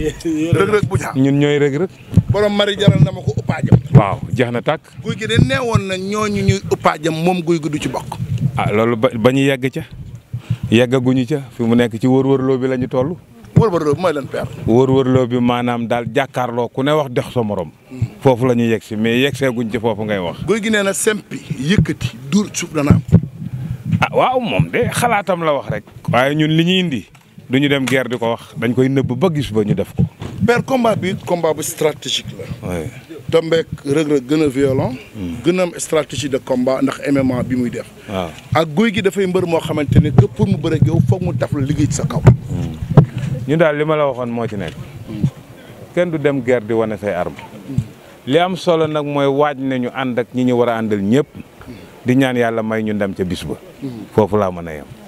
rëg rëg bu ñaax ñun ñooy rëg rëg borom mari jaral na ma ko uppaajam waaw jeex na tàkk guy gi de neewoon na ñooñu ñuy uppaajam moom guy gi du ci bokk ah loolu ba ñu yegg ca yeggaguñu ca fi mu nekk ci wër-wërloo bi la ñu toll wër-wërloo mooy lan père wër-wërloo bi maanaam daal jàkkaarloo ku ne wax dex sa morom foofu la ñu yegg si mais yegg guñ ca foofu ngay wax guy gi nee na sempi yëkkati du suuf dana am ah waaw moom de xalaatam la wax rek waaye ñun li ñu indi du ñu dem guerre di ko wax dañ koy nëbb ba gis ba ñu def ko. père combat bi combat bu stratégique la. oui tombeek rëg-rëg gën a violent. Hmm. gën a am stratégie de combat ndax MMA bi muy def. waaw ah. ak guy gi dafay mbër moo xamante ne que pour mu bëreeg yow foog mu taf la liggéey sa kaw. Hmm. ñu daal li ma la waxoon moo ci nekk. Hmm. kenn du dem guerre di wane say arme li am solo nag mooy waaj nañu ànd ak ñi ñu war a àndal ñëpp. di ñaan yàlla may ñu ndam ca bis ba. foofu laa mën a yem.